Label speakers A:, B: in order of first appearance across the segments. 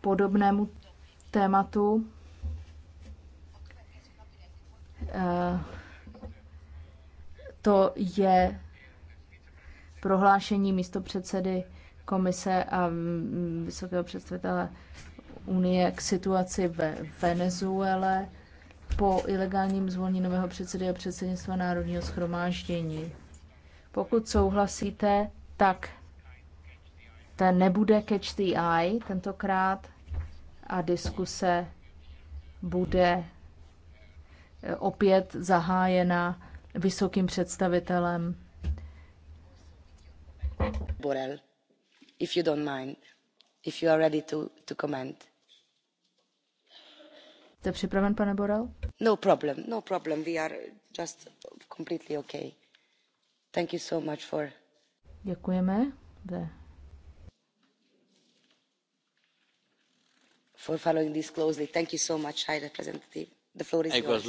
A: podobnému tématu. To je prohlášení místo předsedy komise a mm, mm, vysokého představitele Unie k situaci ve Venezuele po ilegálním zvolení nového předsedy a předsednictva Národního schromáždění. Pokud souhlasíte, tak ten nebude catch the eye tentokrát a diskuse bude eh, opět zahájena vysokým představitelem.
B: Borel, if you don't mind, if you
C: are ready to, to comment.
A: Jste připraven, pane Borel?
C: No problem, no problem. We are just completely okay. Thank you so much for...
A: Děkujeme. The...
C: for following this closely. thank you so much high representative. the floor is yours.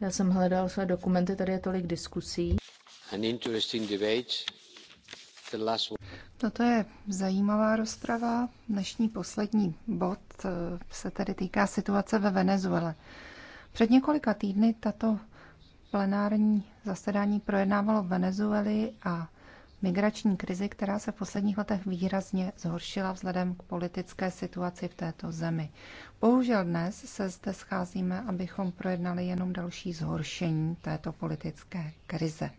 A: Já jsem hledal své dokumenty,
C: tady je tolik diskusí.
A: An debate.
C: Toto je zajímavá rozprava. Dnešní poslední bod eh, se tedy týká situace ve Venezuele. Před několika týdny tato plenární zasedání projednávalo Venezueli a migrační krizi, která se v posledních letech výrazně zhoršila vzhledem k politické situaci v této zemi. Bohužel dnes se zde scházíme, abychom projednali jenom další zhoršení této politické krize.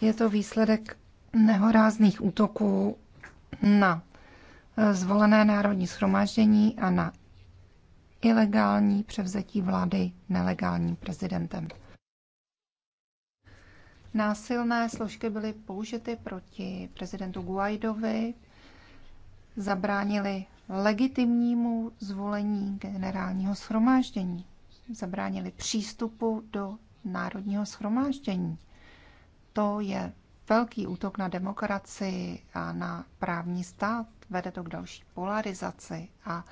C: Je to výsledek nehorázných útoků na eh, zvolené národní schromáždění a na ilegální převzetí vlády nelegálním prezidentem. Násilné složky byly použity proti prezidentu Guaidovi, zabránili legitimnímu zvolení generálního schromáždění, zabránili přístupu do národního schromáždění. To je velký útok na demokracii a na právní stát, vede to k další polarizaci a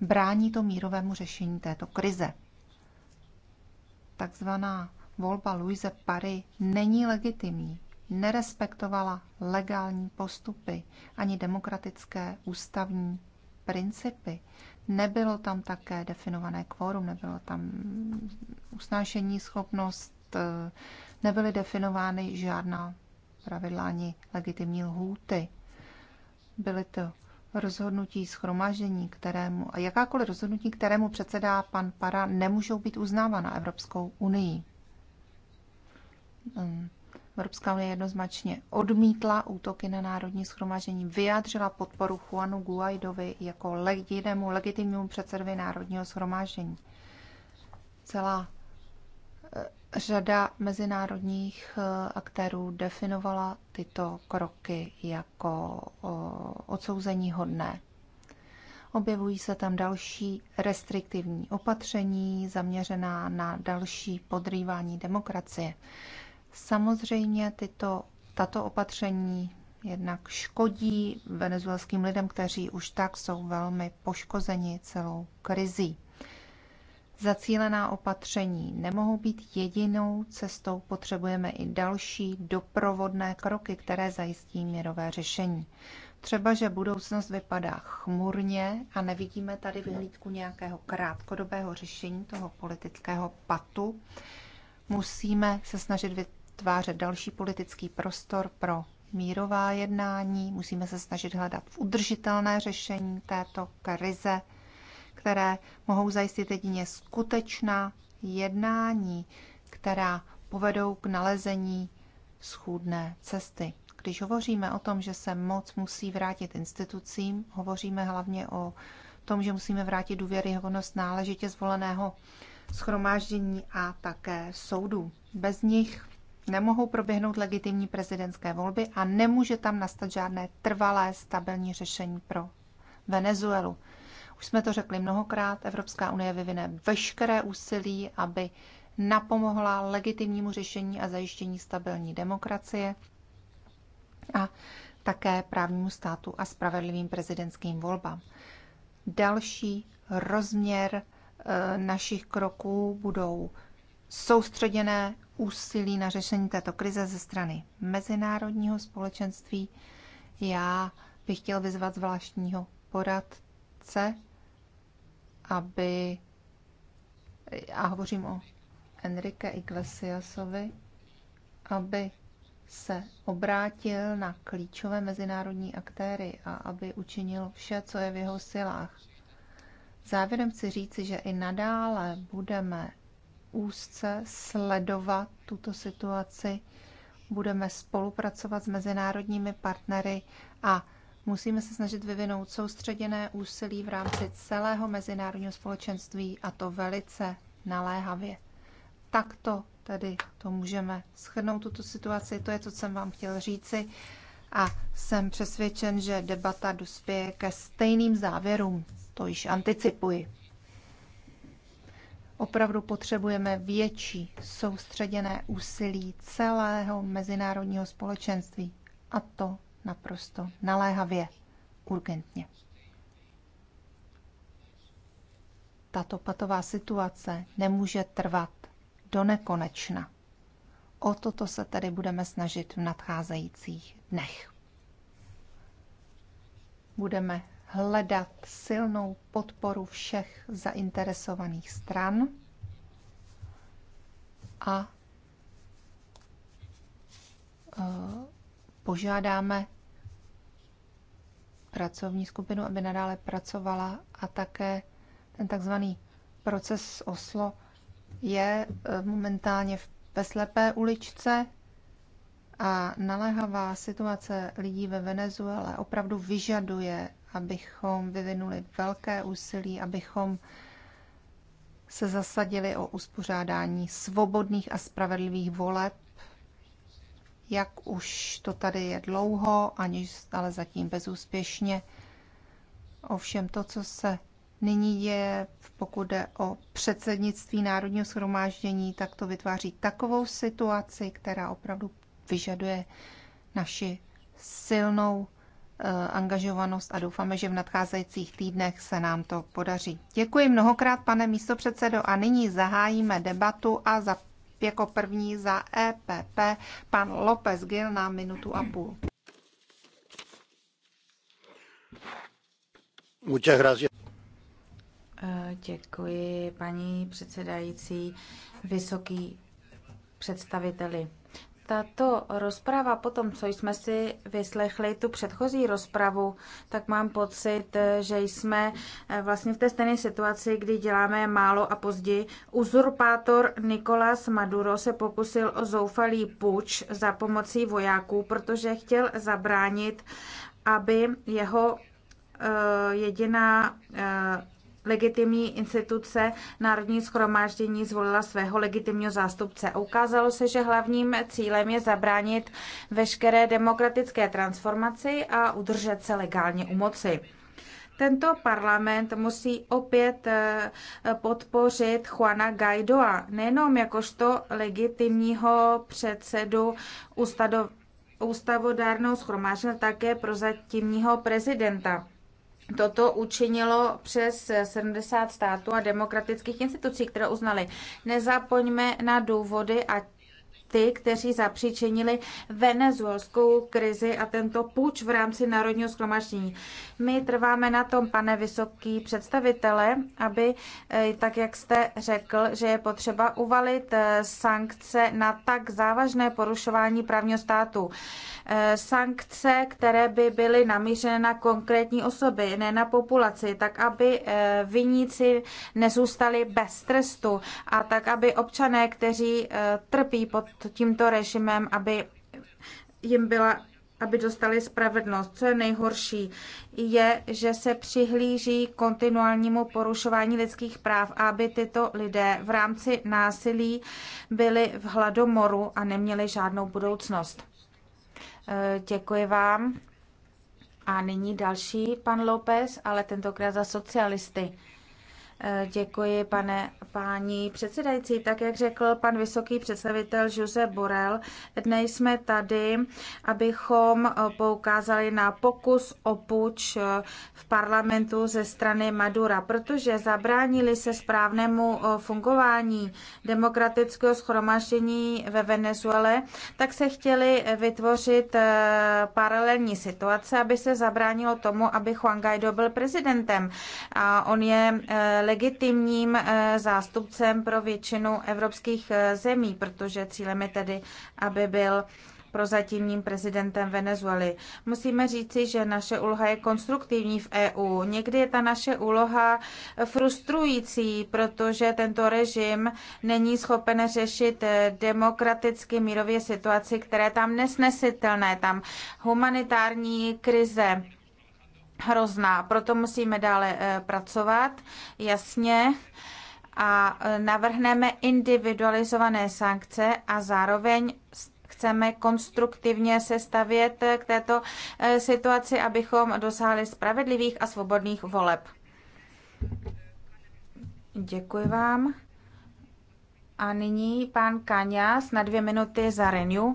C: brání to mírovému řešení této krize. Takzvaná volba Louise Pary není legitimní. Nerespektovala legální postupy ani demokratické ústavní principy. Nebylo tam také definované kvórum, nebylo tam usnášení schopnost, eh, nebyly definovány žádná pravidla ani legitimní lhůty. Byly to rozhodnutí schromažení, kterému a jakákoliv rozhodnutí, kterému předsedá pan Para, nemůžou být uznávána Evropskou unii. Evropská unie jednoznačně odmítla útoky na národní schromáždění, vyjádřila podporu Juanu Guaidovi jako jedinému legitimnímu předsedovi národního schromáždění. Celá eh, řada mezinárodních eh, aktérů definovala tyto kroky jako odsouzení hodné. Objevují se tam další restriktivní opatření zaměřená na další podrývání demokracie. Samozřejmě tyto, tato opatření jednak škodí venezuelským lidem, kteří už tak jsou velmi poškozeni celou krizí. Zacílená opatření nemohou být jedinou cestou, potřebujeme i další doprovodné kroky, které zajistí měrové řešení. Třeba, že budoucnost vypadá chmurně a nevidíme tady vyhlídku nějakého krátkodobého řešení toho politického patu, musíme se snažit vytvářet další politický prostor pro mírová jednání, musíme se snažit hledat udržitelné řešení této krize, které mohou zajistit jedině skutečná jednání, která povedou k nalezení schůdné cesty. Když hovoříme o tom, že se moc musí vrátit institucím, hovoříme hlavně o tom, že musíme vrátit důvěryhodnost náležitě zvoleného schromáždění a také soudů. Bez nich nemohou proběhnout legitimní prezidentské volby a nemůže tam nastat žádné trvalé stabilní řešení pro Venezuelu. Už jsme to řekli mnohokrát, Evropská unie vyvine veškeré úsilí, aby napomohla legitimnímu řešení a zajištění stabilní demokracie a také právnímu státu a spravedlivým prezidentským volbám. Další rozměr eh, našich kroků budou soustředěné úsilí na řešení této krize ze strany mezinárodního společenství. Já bych chtěl vyzvat zvláštního poradce, aby, a hovořím o Enrique Iglesiasovi, aby se obrátil na klíčové mezinárodní aktéry a aby učinil vše, co je v jeho silách. Závěrem chci říci, že i nadále budeme úzce sledovat tuto situaci, budeme spolupracovat s mezinárodními partnery a musíme se snažit vyvinout soustředěné úsilí v rámci celého mezinárodního společenství a to velice naléhavě. Takto tedy to můžeme schrnout tuto situaci, to je to, co jsem vám chtěl říci a jsem přesvědčen, že debata dospěje ke stejným závěrům, to již anticipuji. Opravdu potřebujeme větší soustředěné úsilí celého mezinárodního společenství a to naprosto naléhavě, urgentně. Tato patová situace nemůže trvat do nekonečna. O toto se tedy budeme snažit v nadcházejících dnech. Budeme hledat silnou podporu všech zainteresovaných stran a eh, požádáme pracovní skupinu, aby nadále pracovala a také ten takzvaný proces Oslo je eh, momentálně ve slepé uličce a naléhavá situace lidí ve Venezuele opravdu vyžaduje abychom vyvinuli velké úsilí, abychom se zasadili o uspořádání svobodných a spravedlivých voleb, jak už to tady je dlouho, aniž ale zatím bezúspěšně. Ovšem to, co se nyní děje, pokud jde o předsednictví Národního shromáždění, tak to vytváří takovou situaci, která opravdu vyžaduje naši silnou Eh, angažovanost a doufáme, že v nadcházejících týdnech se nám to podaří. Děkuji mnohokrát, pane místopředsedo, a nyní zahájíme debatu a za, jako první za EPP pan López Gil na minutu a půl. Eh,
B: děkuji, paní předsedající, vysoký představiteli tato rozprava, potom co jsme si vyslechli tu předchozí rozpravu, tak mám pocit, že jsme eh, vlastně v té stejné situaci, kdy děláme málo a později. Uzurpátor Nikolás Maduro se pokusil o zoufalý puč za pomocí vojáků, protože chtěl zabránit, aby jeho eh, jediná eh, legitimní instituce Národní schromáždění zvolila svého legitimního zástupce. Ukázalo se, že hlavním cílem je zabránit veškeré demokratické transformaci a udržet se legálně u moci. Tento parlament musí opět eh, podpořit Juana Guaidoa, nejenom jakožto legitimního předsedu ústavodárnou schromáždění, také prozatímního prezidenta. Toto učinilo přes 70 států a demokratických institucí, které uznali. Nezapomeňme na důvody a ty, kteří zapříčinili venezuelskou krizi a tento půjč v rámci Národního schromaždění. My trváme na tom, pane vysoký představitele, aby, eh, tak jak jste řekl, že je potřeba uvalit eh, sankce na tak závažné porušování právního státu. Eh, sankce, které by byly namířené na konkrétní osoby, ne na populaci, tak aby viníci nezůstali bez trestu a tak, aby občané, kteří trpí pod tímto režimem, aby jim byla aby dostali spravedlnost. Co je nejhorší, je, že se přihlíží kontinuálnímu porušování lidských práv, aby tyto lidé v rámci násilí byli v hladomoru a neměli žádnou budoucnost. E, děkuji vám. A nyní další pan López, ale tentokrát za socialisty. Děkuji, pane páni předsedající. Tak, jak řekl pan vysoký představitel Jose Borel, dnes jsme tady, abychom poukázali na pokus o puč eh, v parlamentu ze strany Madura, protože zabránili se správnému eh, fungování demokratického schromaždění ve Venezuele, tak se chtěli vytvořit eh, paralelní situace, aby se zabránilo tomu, aby Juan Guaido byl prezidentem. A on je legitimním eh, zástupcem pro většinu evropských eh, zemí, protože cílem je tedy, aby byl prozatímním prezidentem Venezuely. Musíme říci, že naše úloha je konstruktivní v EU. Někdy je ta naše úloha frustrující, protože tento režim není schopen řešit eh, demokraticky mírově situaci, které tam nesnesitelné, tam humanitární krize hrozná. Proto musíme dále eh, pracovat, jasně, a eh, navrhneme individualizované sankce a zároveň chceme konstruktivně se stavět eh, k této situaci, abychom dosáhli spravedlivých a svobodných voleb. Děkuji vám. A nyní pán Kaňas na dvě minuty za Renew.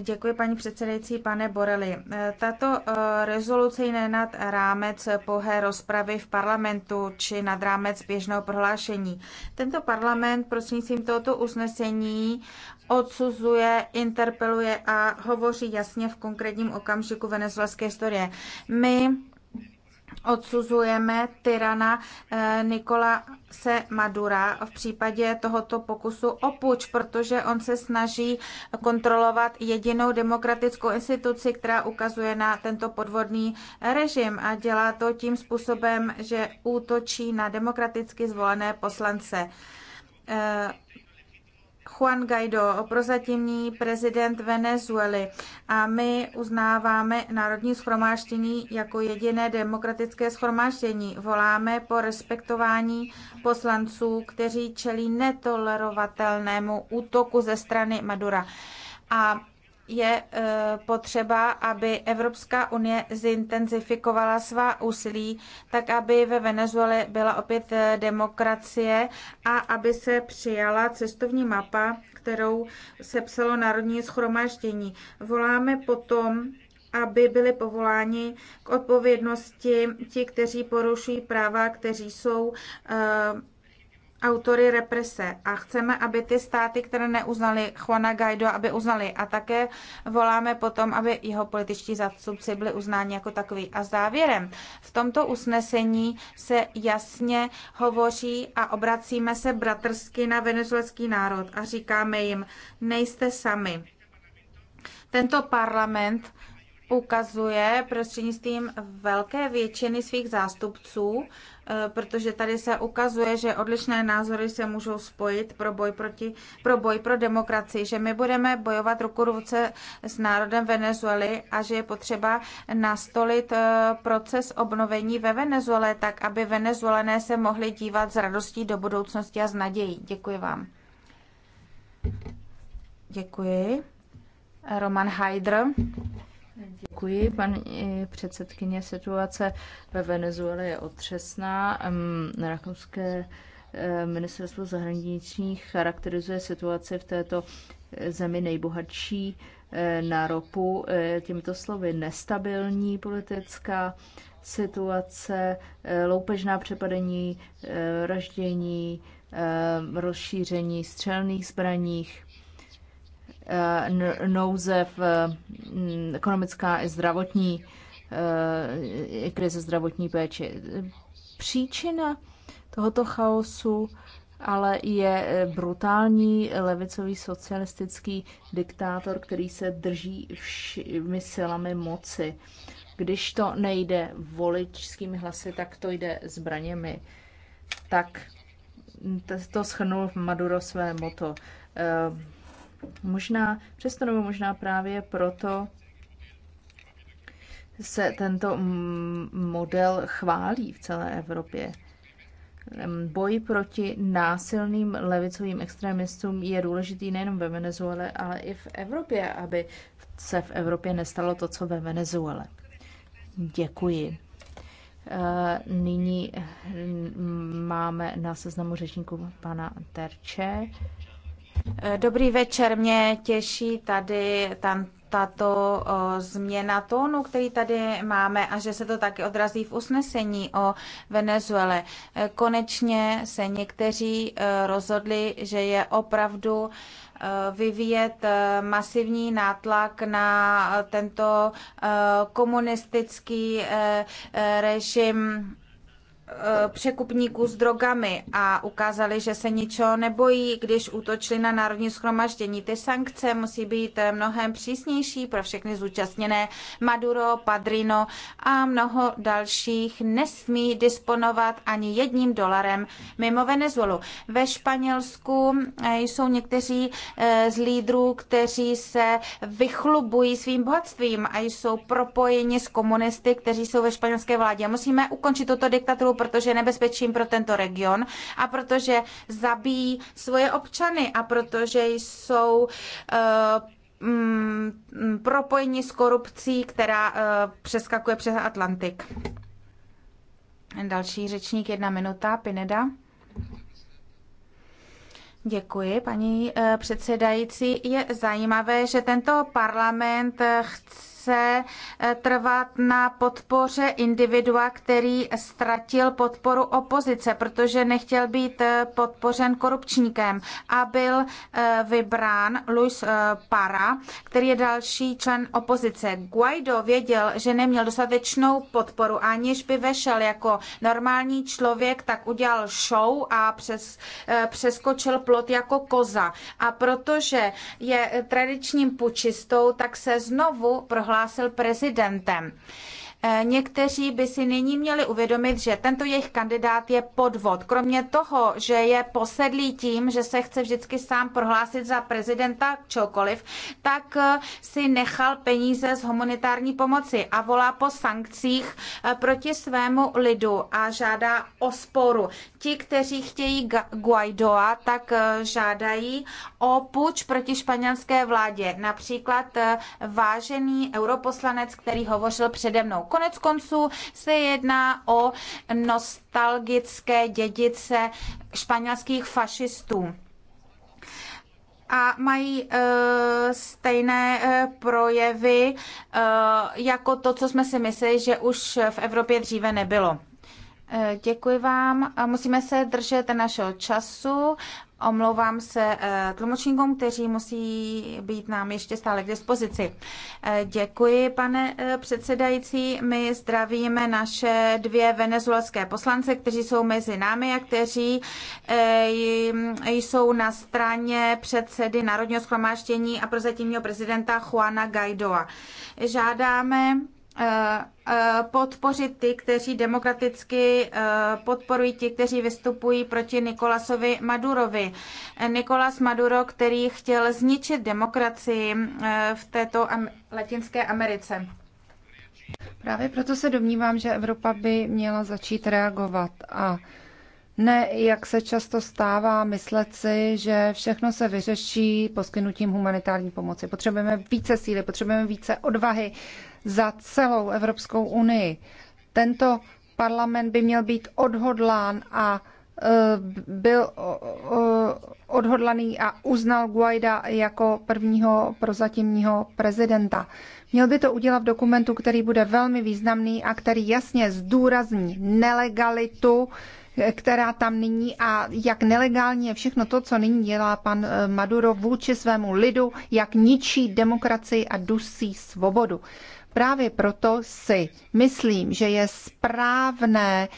B: Děkuji, paní předsedající, pane Boreli. Eh, tato eh, rezoluce je nad rámec pohé rozpravy v parlamentu či nad rámec běžného prohlášení. Tento parlament prostřednictvím tohoto usnesení odsuzuje, interpeluje a hovoří jasně v konkrétním okamžiku venezuelské historie. My odsuzujeme tyrana eh, Nikola se Madura v případě tohoto pokusu o puč, protože on se snaží kontrolovat jedinou demokratickou instituci, která ukazuje na tento podvodný režim a dělá to tím způsobem, že útočí na demokraticky zvolené poslance eh, Juan Guaido, prozatímní prezident Venezuely. A my uznáváme Národní schromáždění jako jediné demokratické schromáždění. Voláme po respektování poslanců, kteří čelí netolerovatelnému útoku ze strany Madura. A je eh, potřeba, aby Evropská unie zintenzifikovala svá úsilí, tak aby ve Venezuele byla opět eh, demokracie a aby se přijala cestovní mapa, kterou sepsalo Národní schromáždění. Voláme potom, aby byli povoláni k odpovědnosti ti, kteří porušují práva, kteří jsou eh, autory represe a chceme, aby ty státy, které neuznali Juana Guaido, aby uznali a také voláme potom, aby jeho političtí zástupci byli uznáni jako takový. A závěrem, v tomto usnesení se jasně hovoří a obracíme se bratrsky na venezuelský národ a říkáme jim, nejste sami. Tento parlament ukazuje prostřednictvím velké většiny svých zástupců, eh, protože tady se ukazuje, že odlišné názory se můžou spojit pro boj, proti, pro boj pro demokracii, že my budeme bojovat ruku ruce s národem Venezuely a že je potřeba nastolit eh, proces obnovení ve Venezuele tak, aby venezuelané se mohli dívat s radostí do budoucnosti a s nadějí. Děkuji vám. Děkuji. Roman Heidr. Děkuji, paní eh,
A: předsedkyně. Situace ve Venezuele je otřesná. Rakouské eh, ministerstvo zahraničních charakterizuje situaci v této eh, zemi nejbohatší na ropu těmito slovy nestabilní politická situace, loupežná přepadení, raždění, rozšíření střelných zbraních Eh, nouze v mm, ekonomická i zdravotní eh, krize zdravotní péči. Příčina tohoto chaosu ale je eh, brutální levicový socialistický diktátor, který se drží všemi silami moci. Když to nejde voličskými hlasy, tak to jde zbraněmi. Tak to schrnul Maduro své moto Možná přesto nebo možná právě proto se tento model chválí v celé Evropě. Boj proti násilným levicovým extremistům je důležitý nejenom ve Venezuele, ale i v Evropě, aby se v Evropě nestalo to, co ve Venezuele. Děkuji. Eh, nyní hm, máme na
B: seznamu řečníku pana Terče. Eh, dobrý večer, mě těší tady tam tato změna tónu, který tady máme a že se to taky odrazí v usnesení o Venezuele. Eh, konečně se někteří eh, rozhodli, že je opravdu vyvíjet masivní nátlak na tento komunistický režim Eh, překupníků s drogami a ukázali, že se ničeho nebojí, když útočili na národní schromaždění. Ty sankce musí být eh, mnohem přísnější pro všechny zúčastněné. Maduro, Padrino a mnoho dalších nesmí disponovat ani jedním dolarem mimo Venezuelu. Ve Španělsku eh, jsou někteří z lídrů, kteří se vychlubují svým bohatstvím a jsou propojeni s komunisty, kteří jsou ve španělské vládě. Musíme ukončit tuto diktaturu protože je nebezpečím pro tento region a protože zabíjí svoje občany a protože jsou uh, um, s korupcí, která uh, přeskakuje přes Atlantik. Další řečník, jedna minuta, Pineda. Děkuji, paní eh, předsedající. Je zajímavé, že tento parlament chce chce eh, trvat na podpoře individua, který ztratil podporu opozice, protože nechtěl být eh, podpořen korupčníkem a byl eh, vybrán Luis Para, který je další člen opozice. Guaido věděl, že neměl dostatečnou podporu, aniž by vešel jako normální člověk, tak udělal show a přes, přeskočil plot jako koza. A protože je tradičním pučistou, tak se znovu prohlásil prohlásil prezidentem. Eh, někteří by si nyní měli uvědomit, že tento jejich kandidát je podvod. Kromě toho, že je posedlý tím, že se chce vždycky sám prohlásit za prezidenta čokoliv, tak eh, si nechal peníze z humanitární pomoci a volá po sankcích eh, proti svému lidu a žádá o sporu. Ti, kteří chtějí Guaidoa, tak žádají o puč proti španělské vládě. Například vážený europoslanec, který hovořil přede mnou konec konců se jedná o nostalgické dědice španělských fašistů a mají e, stejné e, projevy e, jako to, co jsme si mysleli, že už v Evropě dříve nebylo. Děkuji vám. Musíme se držet našeho času. Omlouvám se eh, tlumočníkům, kteří musí být nám ještě stále k dispozici. Eh, děkuji, pane eh, předsedající. My zdravíme naše dvě venezuelské poslance, kteří jsou mezi námi a kteří jsou na straně předsedy Národního schromáždění a prozatímního prezidenta Juana Guaidoa. Žádáme Eh, eh, podpořit ty, kteří demokraticky eh, podporují ti, kteří vystupují proti Nikolasovi Madurovi. Nikolas Maduro, který chtěl zničit demokracii v této Latinské Americe.
C: Právě proto se domnívám, že Evropa by měla začít reagovat a ne, jak se často stává, myslet si, že všechno se vyřeší poskytnutím humanitární pomoci. Potřebujeme více síly, potřebujeme více odvahy, za celou Evropskou unii. Tento parlament by měl být odhodlán a e, byl odhodlaný a uznal Guaida jako prvního prozatímního prezidenta. Měl by to udělat v dokumentu, který bude velmi významný a který jasně zdůrazní nelegalitu, e, která tam nyní a jak nelegálně je všechno to, co nyní dělá pan e, Maduro vůči svému lidu, jak ničí demokracii a dusí svobodu. Právě proto si myslím, že je správné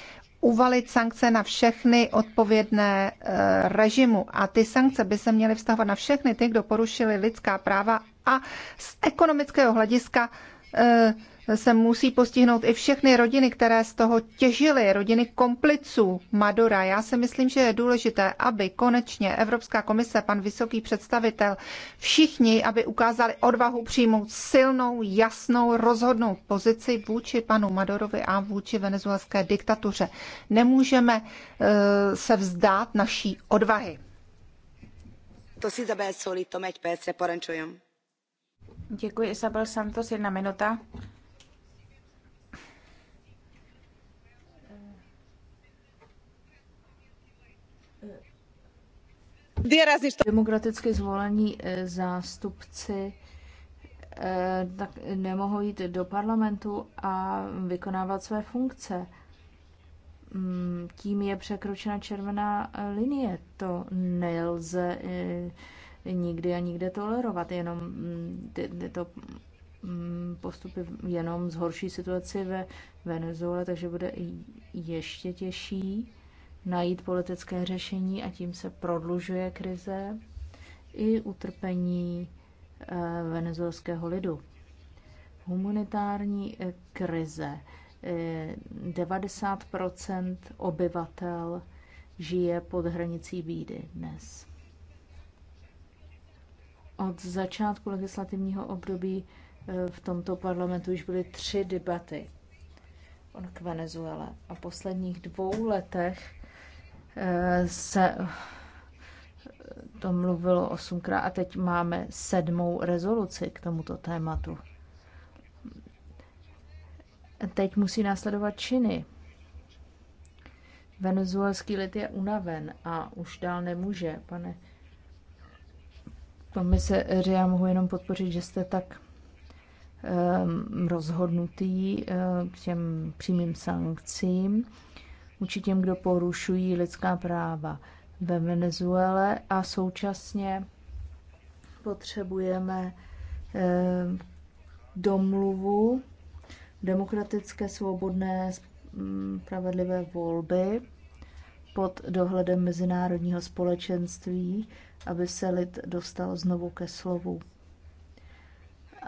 C: uvalit sankce na všechny odpovědné e, režimu. A ty sankce by se měly vztahovat na všechny ty, kdo porušili lidská práva a z ekonomického hlediska e, se musí postihnout i všechny rodiny, které z toho těžily, rodiny kompliců Madura. Já si myslím, že je důležité, aby konečně Evropská komise, pan vysoký představitel, všichni, aby ukázali odvahu přijmout silnou, jasnou, rozhodnou pozici vůči panu Madorovi a vůči venezuelské diktatuře. Nemůžeme eh, se vzdát naší odvahy. To si zabé solí, to meď péce, porančujem.
B: Děkuji, Isabel Santos, jedna minuta.
A: Demokraticky zvolení eh, zástupci eh, tak nemohou jít do parlamentu a vykonávat své funkce. Mm, tím je překročena červená eh, linie. To nelze nikdy a nikde tolerovat. Jenom mm, tyto mm, postupy jenom zhorší situaci ve Venezuele, takže bude ještě těžší najít politické řešení a tím se prodlužuje krize i utrpení eh, venezuelského lidu. Humanitární eh, krize. 90 eh, obyvatel žije pod hranicí bídy dnes. Od začátku legislativního období v tomto parlamentu už byly tři debaty k Venezuele. A v posledních dvou letech se to mluvilo osmkrát a teď máme sedmou rezoluci k tomuto tématu. Teď musí následovat činy. Venezuelský lid je unaven a už dál nemůže, pane že já mohu jenom podpořit, že jste tak um, rozhodnutý um, k těm přímým sankcím vůči těm, kdo porušují lidská práva ve Venezuele a současně potřebujeme eh, domluvu demokratické, svobodné, mm, spravedlivé volby pod dohledem mezinárodního společenství, aby se lid dostal znovu ke slovu.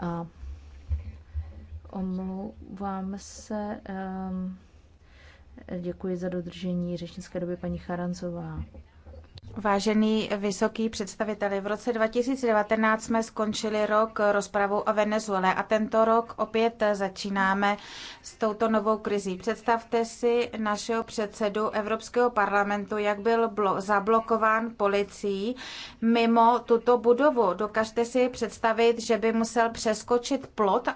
A: A omlouváme se.
B: Eh, Děkuji za dodržení řečnické doby paní Charanzová. Vážený vysoký představiteli, v roce 2019 jsme skončili rok rozpravu o Venezuele a tento rok opět začínáme s touto novou krizí. Představte si našeho předsedu Evropského parlamentu, jak byl zablokován policií mimo tuto budovu. Dokažte si představit, že by musel přeskočit plot, e,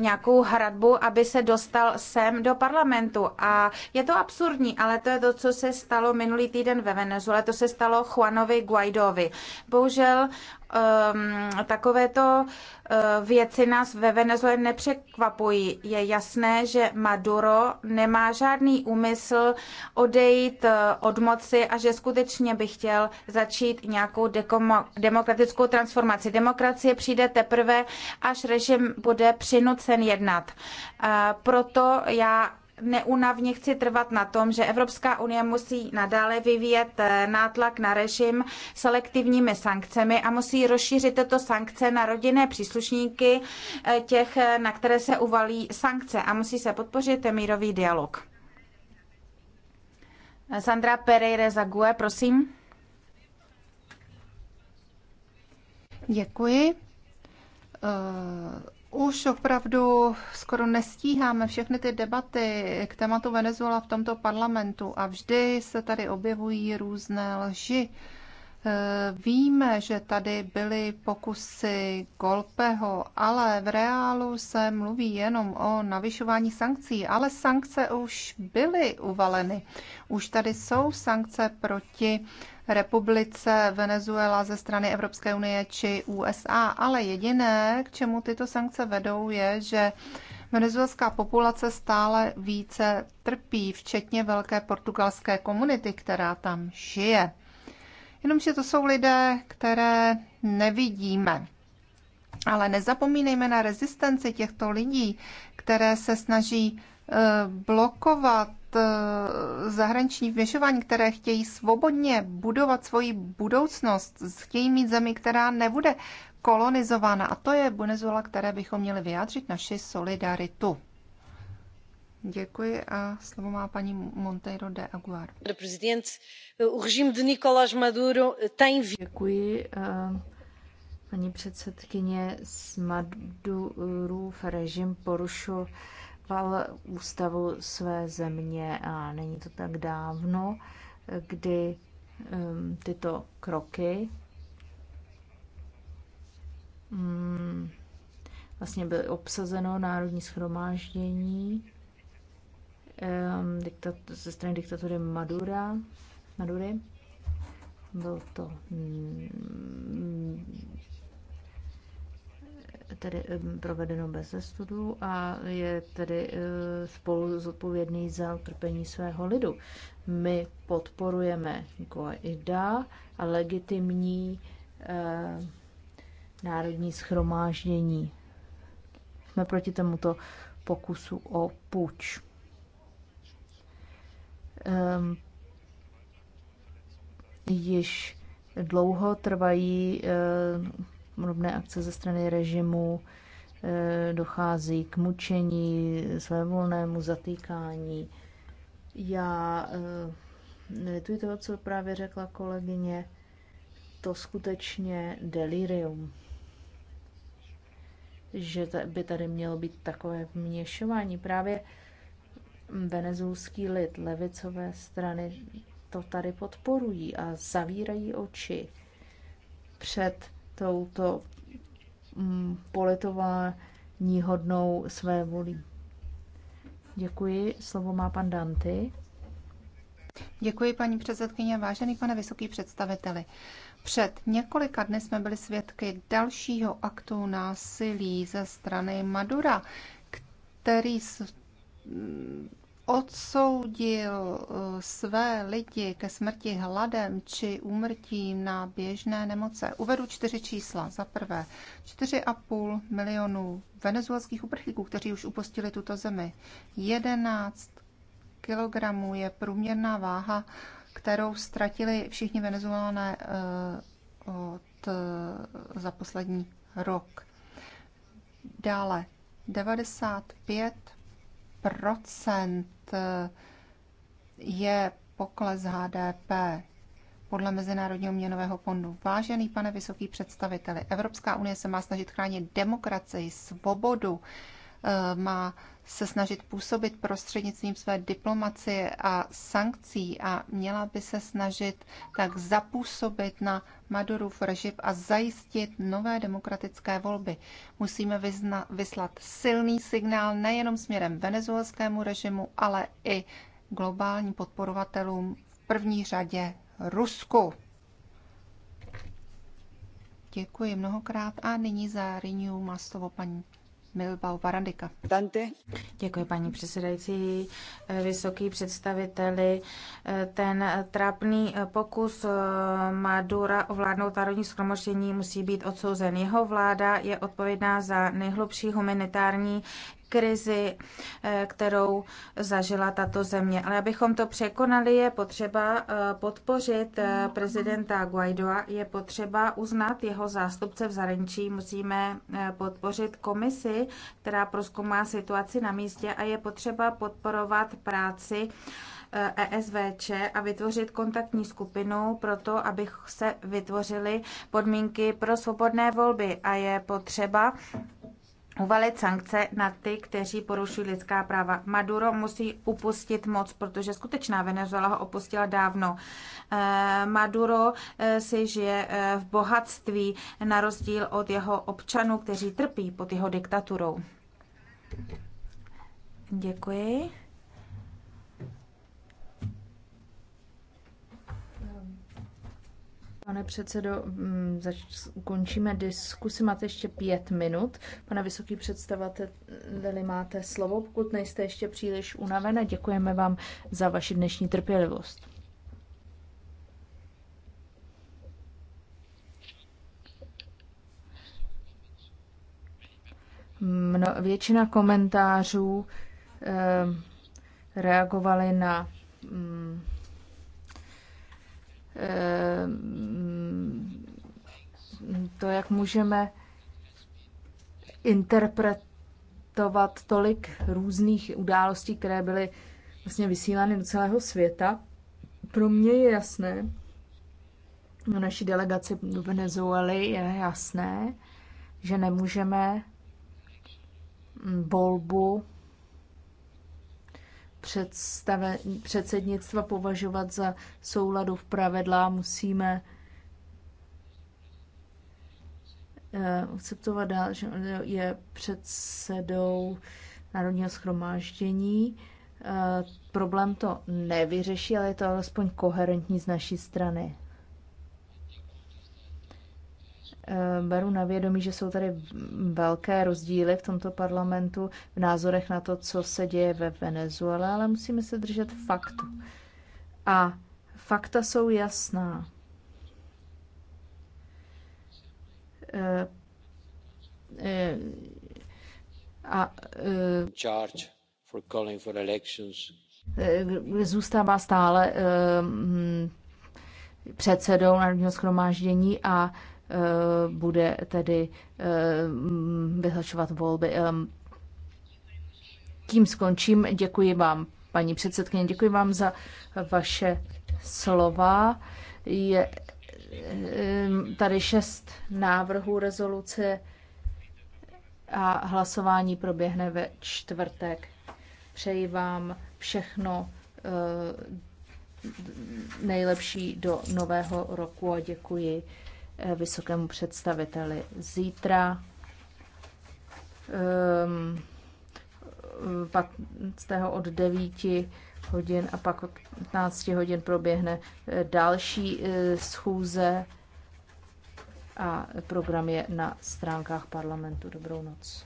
B: nějakou hradbu, aby se dostal sem do parlamentu. A je to absurdní, ale to je to, co se stalo minulý týden ve Venezuele ale to se stalo Juanovi Guaidovi. Bohužel um, takovéto uh, věci nás ve Venezuele nepřekvapují. Je jasné, že Maduro nemá žádný úmysl odejít uh, od moci a že skutečně by chtěl začít nějakou dekomo- demokratickou transformaci. Demokracie přijde teprve, až režim bude přinucen jednat. Uh, proto já neunavně chci trvat na tom, že Evropská unie musí nadále vyvíjet eh, nátlak na režim selektivními sankcemi a musí rozšířit tyto sankce na rodinné příslušníky eh, těch, eh, na které se uvalí sankce a musí se podpořit mírový dialog. Sandra Pereire
C: Zague, prosím. Děkuji. Uh už opravdu skoro nestíháme všechny ty debaty k tématu Venezuela v tomto parlamentu a vždy se tady objevují různé lži. Eh, víme, že tady byly pokusy Golpeho, ale v reálu se mluví jenom o navyšování sankcí, ale sankce už byly uvaleny. Už tady jsou sankce proti republice Venezuela ze strany Evropské unie či USA, ale jediné, k čemu tyto sankce vedou, je, že Venezuelská populace stále více trpí, včetně velké portugalské komunity, která tam žije. Jenomže to jsou lidé, které nevidíme. Ale nezapomínejme na rezistenci těchto lidí, které se snaží eh, blokovat eh, zahraniční vměšování, které chtějí svobodně budovat svoji budoucnost, chtějí mít zemi, která nebude kolonizována. A to je Venezuela, které bychom měli vyjádřit naši solidaritu. Děkuji a slovo má paní Monteiro de Aguiar. Děkuji, eh, paní
A: předsedkyně. S Madurův režim porušoval ústavu své země a není to tak dávno, kdy um, tyto kroky um, vlastně byly obsazeno národní schromáždění Ehm, diktat, ze strany diktatury Madura, Madury. Byl to mm, tedy ehm, provedeno bez studu a je tedy eh, spolu zodpovědný za utrpení svého lidu. My podporujeme Guaida a legitimní eh, národní schromáždění. Jsme proti tomuto pokusu o puč um, již dlouho trvají ehm, podobné akce ze strany režimu, uh, dochází k mučení, svévolnému zatýkání. Já uh, lituji toho, co právě řekla kolegyně, to skutečně delirium že by tady mělo být takové vměšování. Právě venezuelský lid, levicové strany to tady podporují a zavírají oči před touto mm, politování hodnou své volí.
C: Děkuji. Slovo má pan Danty. Děkuji, paní předsedkyně. Vážený pane vysoký představiteli, před několika dny jsme byli svědky dalšího aktu násilí ze strany Madura, který odsoudil eh, své lidi ke smrti hladem či úmrtí na běžné nemoce. Uvedu čtyři čísla. Za prvé, 4,5 milionů venezuelských uprchlíků, kteří už upustili tuto zemi. 11 kilogramů je průměrná váha, kterou ztratili všichni venezuelané eh, od, eh, za poslední rok. Dále 95 Procent eh, je pokles HDP podle Mezinárodního měnového fondu. Vážený pane vysoký představiteli, Evropská unie se má snažit chránit demokracii, svobodu, Eh, má se snažit působit prostřednictvím své diplomacie a sankcí a měla by se snažit tak zapůsobit na Madurův režim a zajistit nové demokratické volby. Musíme vyzna- vyslat silný signál nejenom směrem venezuelskému režimu, ale i globálním podporovatelům v první řadě Rusku. Děkuji mnohokrát a nyní za Riniu Mastovo paní Milbao Barandika. Děkuji, paní
B: předsedající. Vysoký představiteli, ten trápný pokus eh, Madura ovládnout národní schromoštění musí být odsouzen. Jeho vláda je odpovědná za nejhlubší humanitární krizi, eh, kterou zažila tato země. Ale abychom to překonali, je potřeba eh, podpořit eh, prezidenta Guaidoa, je potřeba uznat jeho zástupce v zahraničí, musíme podpořit komisi, která proskoumá situaci na místě a je potřeba podporovat práci ESVČ e a vytvořit kontaktní skupinu pro to, aby se vytvořily podmínky pro svobodné volby a je potřeba uvalit sankce na ty, kteří porušují lidská práva. Maduro musí upustit moc, protože skutečná Venezuela ho opustila dávno. Eh, Maduro eh, si žije eh, v bohatství na rozdíl od jeho občanů, kteří trpí pod jeho diktaturou. Děkuji.
A: Pane předsedo, mm, zač- končíme diskusi, máte ještě pět minut. Pane vysoký představateli, máte slovo, pokud nejste ještě příliš unavené. Děkujeme vám za vaši dnešní trpělivost. Mno, většina komentářů eh, reagovaly na mm, Ehm, to, jak můžeme interpretovat tolik různých událostí, které byly vlastně vysílány do celého světa. Pro mě je jasné, na no, naší delegaci do Venezuely je jasné, že nemůžeme volbu předsednictva považovat za souladu v pravidla, musíme eh, akceptovat dál, že je předsedou Národního schromáždění. Eh, problém to nevyřeší, ale je to alespoň koherentní z naší strany. Eh, beru na vědomí, že jsou tady velké rozdíly v tomto parlamentu v názorech na to, co se děje ve Venezuele, ale musíme se držet faktu. A fakta jsou jasná. Eh, eh, a, a, a calling for elections. Zůstává stále hm, předsedou Národního schromáždění a Eh, bude tedy eh, vyhlašovat volby. Tím skončím. Děkuji vám, paní předsedkyně, děkuji vám za vaše slova. Je tady šest návrhů rezoluce a hlasování proběhne ve čtvrtek. Přeji vám všechno eh, nejlepší do nového roku a děkuji Eh, vysokému představiteli. Zítra um, ehm, 15. Eh, od 9 hodin a pak od 15 hodin proběhne eh, další schůze a program je na stránkách parlamentu. Dobrou noc.